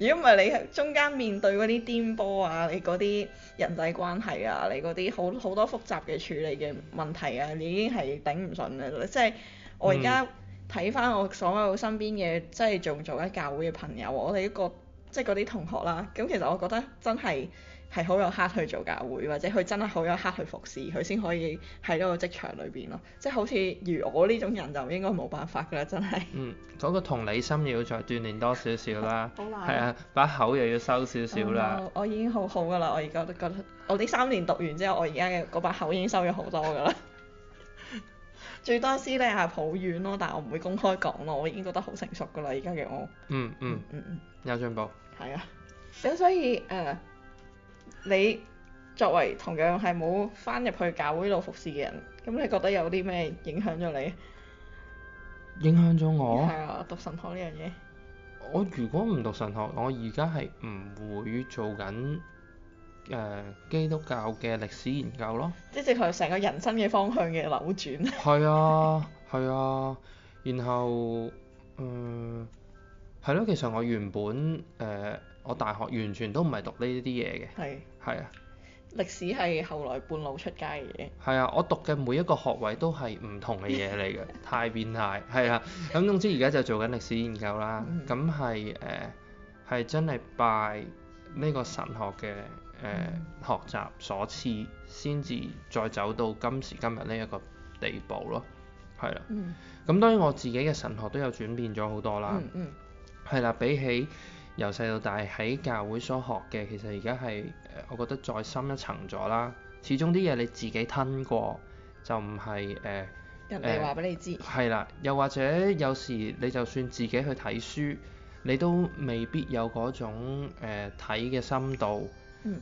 如果唔係你中間面對嗰啲顛簸啊，你嗰啲人際關係啊，你嗰啲好好多複雜嘅處理嘅問題啊，你已經係頂唔順啦。即係我而家睇翻我所有身邊嘅，嗯、即係仲做緊教會嘅朋友，我哋都覺。即係嗰啲同學啦，咁其實我覺得真係係好有刻去做教會，或者佢真係好有刻去服侍，佢先可以喺呢個職場裏邊咯。即係好似如我呢種人就應該冇辦法㗎啦，真係。嗯，
嗰、那個同理心要再鍛鍊多少少啦。 好難、啊。係啊，把口又要收少少啦。
我已經好好㗎啦，我而家都覺得我呢三年讀完之後，我而家嘅把口已經收咗好多㗎啦。 最多私底下抱怨咯，但係我唔會公開講咯，我已經覺得好成熟㗎啦，而家嘅我。嗯嗯嗯
嗯，嗯嗯 有進步。
係啊，咁、嗯、所以誒、嗯，你作為同樣係冇返入去教會度服侍嘅人，咁你覺得有啲咩影響咗你？
影響咗我？係啊，
讀神學呢樣嘢。
我如果唔讀神學，我而家係唔會做緊誒、呃、基督教嘅歷史研究咯。
即係佢成個人生嘅方向嘅扭轉、嗯。
係 啊，係啊，然後誒。嗯係咯，其實我原本誒、呃，我大學完全都唔係讀呢啲嘢嘅，係係
是啊，歷史係後來半路出街嘅嘢。
係啊，我讀嘅每一個學位都係唔同嘅嘢嚟嘅， 太變態係啊，咁總之而家就做緊歷史研究啦。咁係誒係真係拜呢個神學嘅誒、呃、學習所賜，先至再走到今時今日呢一個地步咯。係啦、啊，咁 當然我自己嘅神學都有轉變咗好多啦。 係啦，比起由細到大喺教會所學嘅，其實而家係我覺得再深一層咗啦。始終啲嘢你自己吞過，就唔係誒
誒話俾你知、呃。
係、呃、啦，又或者有時你就算自己去睇書，你都未必有嗰種睇嘅、呃、深度，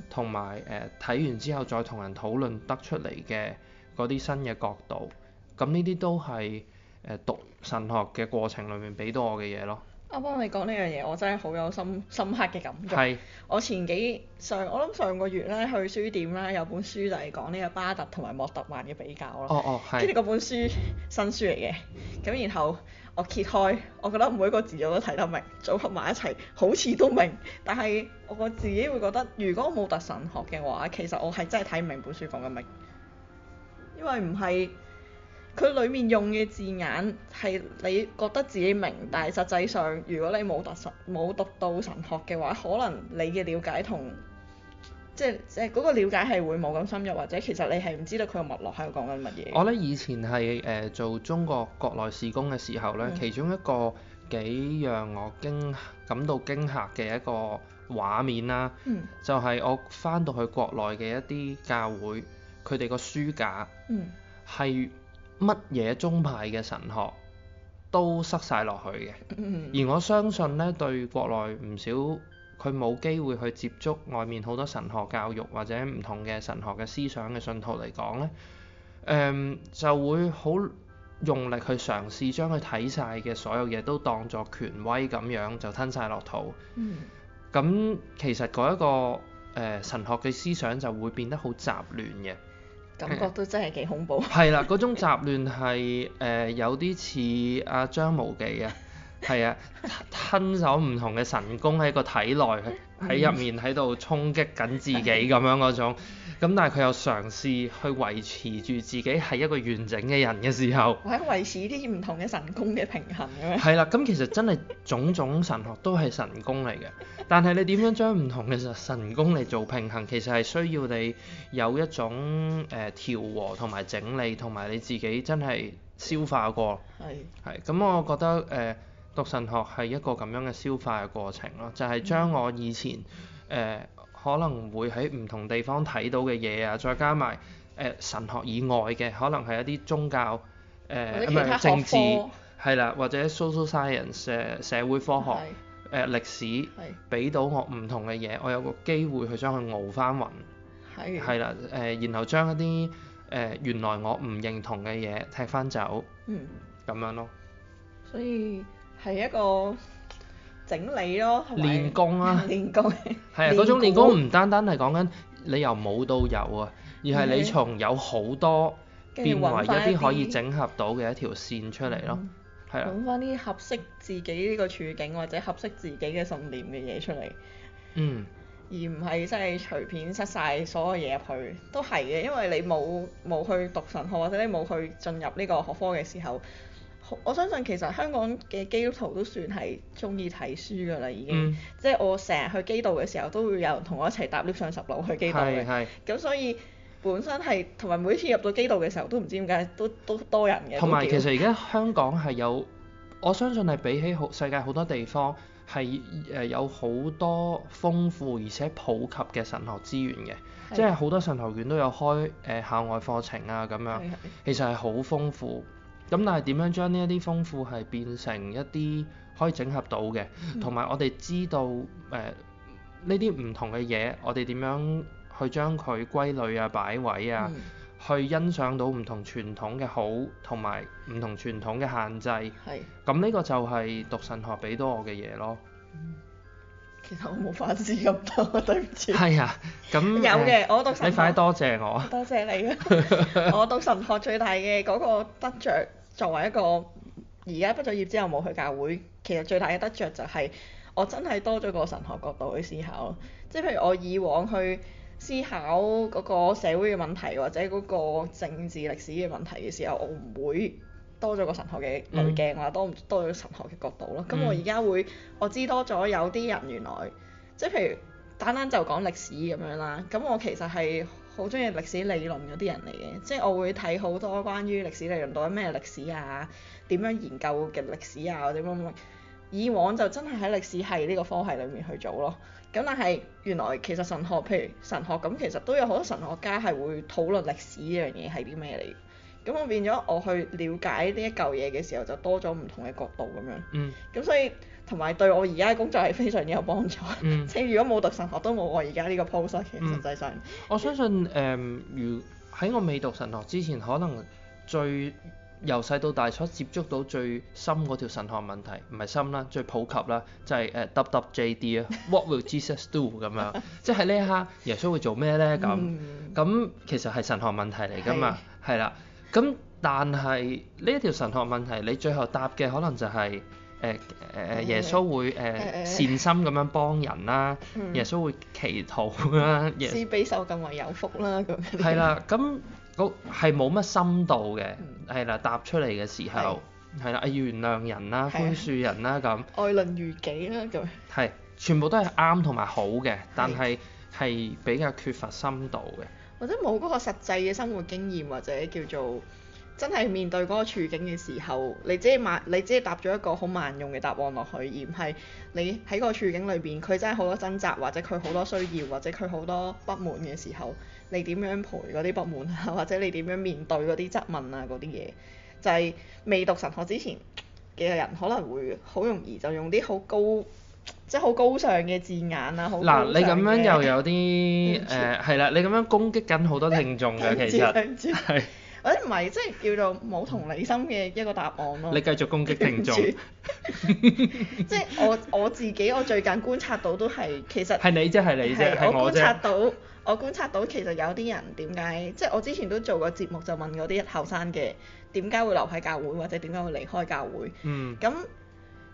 同埋誒睇完之後再同人討論得出嚟嘅嗰啲新嘅角度。咁呢啲都係誒、呃、讀神學嘅過程裏面俾到我嘅嘢咯。
啱啱，我幫你講呢樣嘢，我真係好有深深刻嘅感覺。是我前幾上，我諗上個月咧去書店咧，有本書就係講呢個巴特同埋莫特曼嘅比較咯。哦哦，係。跟住嗰本書新書嚟嘅，咁然後我揭開，我覺得每個字我都睇得明，組合埋一齊好似都明，但係我個自己會覺得，如果冇特神學嘅話，其實我係真係睇唔明本書講嘅明，因為唔係。佢裡面用嘅字眼係你覺得自己明，但係實際上如果你冇讀神冇讀到神學嘅話，可能你嘅了解同即係即係嗰個瞭解係會冇咁深入，或者其實你係唔知道佢個脈絡喺度講緊乜嘢。
我呢以前係誒、呃、做中國國內事工嘅時候呢，其中一個幾讓我驚感到驚嚇嘅一個畫面啦，嗯、就係我返到去國內嘅一啲教會，佢哋個書架係。嗯乜嘢宗派嘅神學都塞晒落去嘅，嗯、而我相信咧，對國內唔少佢冇機會去接觸外面好多神學教育或者唔同嘅神學嘅思想嘅信徒嚟講咧，誒、嗯、就會好用力去嘗試將佢睇晒嘅所有嘢都當作權威咁樣就吞晒落肚。咁、嗯嗯、其實嗰、那、一個誒、呃、神學嘅思想就會變得好雜亂嘅。
感覺都真係幾恐怖的。係
啦，嗰種雜亂係、 呃、有啲似阿張無忌嘅。係啊，吞咗唔同嘅神功喺個體內，喺入面喺度衝擊緊自己咁樣嗰種。咁 但係佢又嘗試去維持住自己係一個完整嘅人嘅時候，
喺維持啲唔同嘅神功嘅平衡咁樣。係 啦、
啊，咁其實真係種種神學都係神功嚟嘅。但係你點樣將唔同嘅神神功嚟做平衡，其實係需要你有一種誒、呃、調和同埋整理，同埋你自己真係消化過。係是。係。咁我覺得誒。呃讀神學係一個咁樣嘅消化嘅過程咯，就係、是、將我以前誒、呃、可能會喺唔同地方睇到嘅嘢啊，再加埋誒、呃、神學以外嘅，可能係一啲宗教誒、呃、唔係政治係啦，或者 social science、呃、社會科學誒的、呃、歷史，俾的到我唔同嘅嘢，我有個機會去將佢熬翻勻係啦誒，然後將一啲誒、呃、原來我唔認同嘅嘢踢翻走
嗯咁樣咯，所以。係一個整理咯，練功啊。練功啊，係啊練功，嗰 種練功唔
單單係講緊你由冇到有啊，而係你從有好多
變為一啲可以
整合到嘅一條線出嚟咯，係啦。揾
翻啲、嗯、合適自己呢個處境或者合適自己嘅信念嘅嘢出嚟。
嗯。
而唔係真係隨便塞晒所有嘢入去，都係嘅，因為你冇冇去讀神學或者你冇去進入呢個學科嘅時候。我相信其實香港嘅基督徒都算係中意睇書㗎啦，已經、嗯。即係我成日去基道嘅時候，都會有人同我一齊搭 lift 上十樓去基道嘅。咁所以本身係同埋每次入到基道嘅時候都，都唔知點解都都多人嘅。同埋和 挺其實而
家香港係有，我相信係比起好世界好多地方係誒有好多豐富而且普及嘅神學資源嘅。即係好多神學院都有開誒校外課程啊咁樣。其實係好豐富。咁但係點樣將呢一啲豐富係變成一啲可以整合到嘅，同埋、嗯、我哋知道誒呢啲唔同嘅嘢，我哋點樣去將佢歸類啊、擺位啊，嗯、去欣賞到唔同傳統嘅好同埋唔同傳統嘅限制。係是。咁呢個就係讀神學俾到我嘅嘢咯、嗯。
其實我冇法子冇反思咁多，對唔
住。係啊。咁。有嘅，我讀神學。呃、你快多謝我。我多謝你
啊！ 我讀神學最大嘅嗰個得着。作為一個而家畢咗業之後冇去教會，其實最大嘅得着就係我真係多咗個神學角度去思考。即係譬如我以往去思考嗰個社會嘅問題或者嗰個政治歷史嘅問題嘅時候，我唔會多咗個神學嘅濾鏡或者、嗯、多多咗神學嘅角度咯。咁、嗯、我而家會我知多咗有啲人原來即係譬如單單就講歷史咁樣啦。咁我其實係。好中意歷史理論嗰啲人嚟嘅，即係我會睇好多關於歷史理論，到底咩歷史啊，點樣研究嘅歷史啊，或者乜乜，以往就真係喺歷史系呢個科系裡面去做咯。咁但係原來其實神學，譬如神學咁，其實都有好多神學家係會討論歷史呢樣嘢係啲咩嚟。咁我變咗我去了解呢一嚿嘢嘅時候，就多咗唔同嘅角度咁樣。嗯。咁所以。同埋對我而家嘅工作係非常之有幫助。嗯。即係 如果冇讀神學都冇我而家呢個 post。其實,實際上，
嗯、我相信誒，嗯嗯、如喺我未讀神學之前，可能最由細到大所接觸到最深嗰條神學問題，唔係深啦，最普及啦，就係、是、誒、uh, WWJD 啊，What will Jesus do 咁 樣？即係呢一刻，耶穌會做咩咧？咁咁、嗯、其實係神學問題嚟㗎嘛，係啦的。咁 但係呢一條神學問題，你最後答嘅可能就係、是。誒誒耶穌會誒善心咁樣幫人啦，耶穌會祈禱啦，施
比受更為有福啦，咁樣。係啦，
咁個係冇乜深度嘅，係啦，答出嚟嘅時候，係啦，係原諒人啦，寬恕人啦，咁。
愛鄰如己啦，咁。
係，全部都係啱同埋好嘅，但係係比較缺乏深度嘅。
或者冇嗰個實際嘅生活經驗或者叫做。真係面對嗰個處境嘅時候，你只係萬，你只係答咗一個好萬用嘅答案落去，而唔係你喺個處境裏邊，佢真係好多掙扎，或者佢好多需要，或者佢好多不滿嘅時候，你點樣陪嗰啲不滿啊，或者你點樣面對嗰啲質問啊嗰啲嘢，就係、是、未讀神學之前嘅人可能會好容易就用啲好高，即係好高尚嘅字眼啊，好嗱嘩，你咁樣又有
啲誒係啦，你咁樣攻擊緊好多聽眾嘅其實係。歉
或唔係，即係叫做冇同理心嘅一個答案咯、啊。你繼
續攻擊聽眾，
不 即係我我自己，我最近觀察到都係其實係你即
係你啫，我觀，我,我觀察
到，我觀察到其實有啲人點解，即係我之前都做過節目，就問嗰啲後生嘅點解會留喺教會，或者點解會離開教會。嗯。咁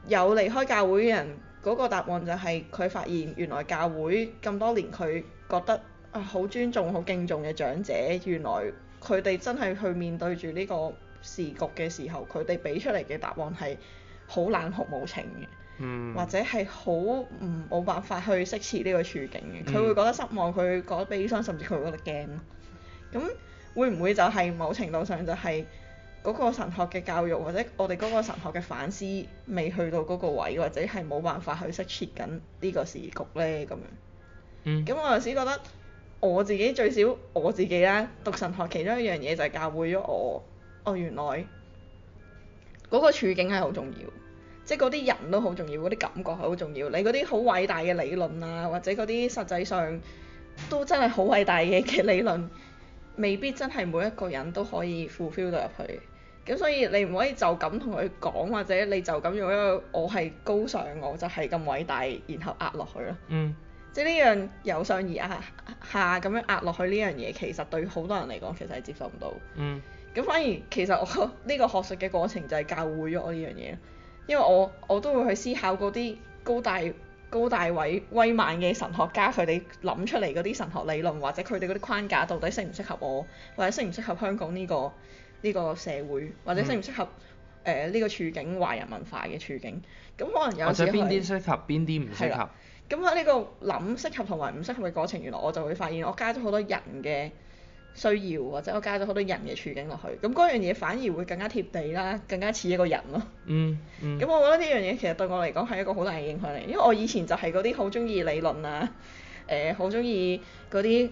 有離開教會嘅人，嗰個答案就係佢發現原來教會咁多年，佢覺得啊好尊重、好敬重嘅長者，原來。佢哋真係去面對住呢個時局嘅時候，佢哋俾出嚟嘅答案係好冷酷無情嘅，嗯、或者係好唔冇辦法去適切呢個處境嘅，佢、嗯、會覺得失望，佢覺得悲傷，甚至佢會覺得驚。咁會唔會就係某程度上就係嗰個神學嘅教育或者我哋嗰個神學嘅反思未去到嗰個位，或者係冇辦法去適切緊呢個時局咧？咁樣，咁、嗯、我有時覺得。我自己最少我自己咧讀神學，其中一樣嘢就係教會咗我，哦，原來嗰、那個處境係好重要，即係嗰啲人都好重要，嗰啲感覺係好重要。你嗰啲好偉大嘅理論啊，或者嗰啲實際上都真係好偉大嘅嘅理論，未必真係每一個人都可以 fulfill 到入去。咁所以你唔可以就咁同佢講，或者你就咁用一個我係高尚，我就係咁偉大，然後壓落去咯。嗯。即係呢樣由上而下下壓下咁樣壓落去呢樣嘢，其實對好多人嚟講其實係接受唔到。嗯。咁反而其實我呢個學術嘅過程就係教會咗我呢樣嘢，因為我我都會去思考嗰啲高大高大偉威猛嘅神學家佢哋諗出嚟嗰啲神學理論或者佢哋嗰啲框架到底適唔適合我，或者適唔適合香港呢個呢個社會，或者適唔適合誒呢、嗯呃呢個處境華人文化嘅處境。咁可能有。或者邊啲適合，邊啲唔適合？咁喺呢個諗適合同埋唔適合嘅過程，原來我就會發現我加咗好多人嘅需要，或者我加咗好多人嘅處境落去，咁嗰樣嘢反而會更加貼地啦，更加似一個人咯。嗯。嗯。咁我覺得呢樣嘢其實對我嚟講係一個好大嘅影響嚟，因為我以前就係嗰啲好中意理論啊，誒、呃，好中意嗰啲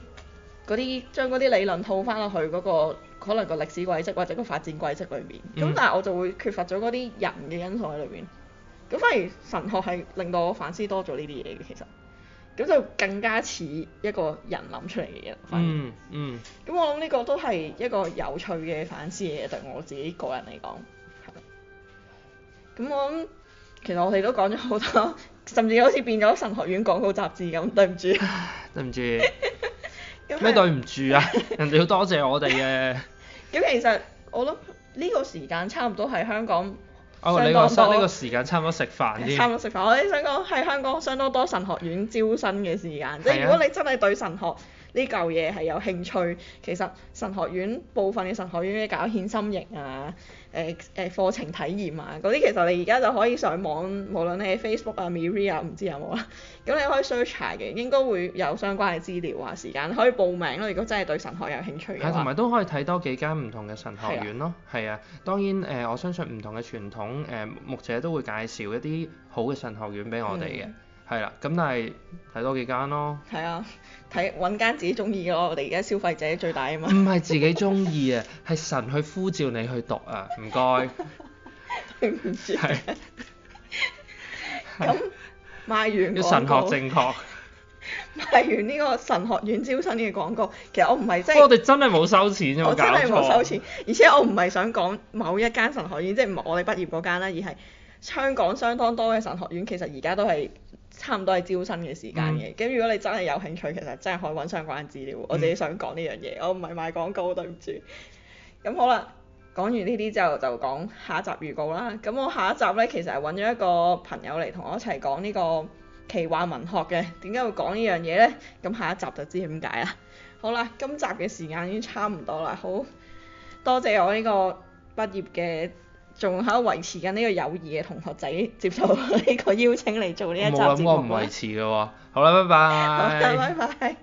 嗰啲將嗰啲理論套翻落去嗰、那個可能個歷史軌跡或者個發展軌跡裏面。嗯。咁但係我就會缺乏咗嗰啲人嘅因素喺裏邊。咁反而神學係令到我反思多咗呢啲嘢嘅，其實，咁就更加似一個人諗出嚟嘅嘢，反而。嗯嗯。咁我諗呢個都係一個有趣嘅反思嘢，對我自己個人嚟講，係。咁我諗，其實我哋都講咗好多，甚至好似變咗神學院廣告雜誌咁，對唔住。 對唔住。咩對
唔住啊？ 人哋要多謝我哋嘅。
咁 其實我諗呢個時間差唔多係香港。我、oh, 你話呢個
時間差唔多食飯啲，差唔多
食飯。我哋想講喺香港相當多神學院招生嘅時間，嗯、即係如果你真係對神學。呢嚿嘢係有興趣，其實神學院部分嘅神學院嘅搞獻心營啊，誒誒課程體驗啊，嗰啲其實你而家就可以上網，無論你喺 Facebook 啊、Mira 唔知有冇啦，咁你可以 search 嘅，應該會有相關嘅資料啊，時間可以報名咯。如果真係對神學有興趣嘅，係同埋
都可以睇多幾間唔同嘅神學院咯。係啊，當然誒，uh, 我相信唔同嘅傳統誒牧者都會介紹一啲好嘅神學院俾我哋嘅。係啦，咁但係睇多幾間咯。
係啊，睇揾間自己中意嘅咯。我哋而家消費者最大啊嘛。唔
係自己中意啊，係 神去呼召你去讀啊，唔該。
對唔住。咁賣 完。要神學正確。賣 完呢個神學院招生嘅廣告，其實我唔係即係。我哋
真係冇收錢啫嘛，哦、搞錯錯。我真係冇收
錢，而且我唔係想講某一間神學院，即係唔係我哋畢業嗰間啦，而係香港相當多嘅神學院，其實而家都係。差唔多係招生嘅時間嘅，咁、嗯、如果你真係有興趣，其實真係可以揾相關資料。我自己想講呢樣嘢，嗯、我唔係賣廣告，對唔住。咁好啦，講完呢啲之後就講下一集預告啦。咁我下一集呢，其實係揾咗一個朋友嚟同我一齊講呢個奇幻文學嘅。點解會講呢樣嘢呢？咁下一集就知點解啦。好啦，今集嘅時間已經差唔多啦，好多謝我呢個畢業嘅。仲喺度維持緊呢個友誼嘅同學仔，接受呢個邀請嚟做呢一集節目。我唔維
持嘅喎。好啦，拜拜。好，拜
拜。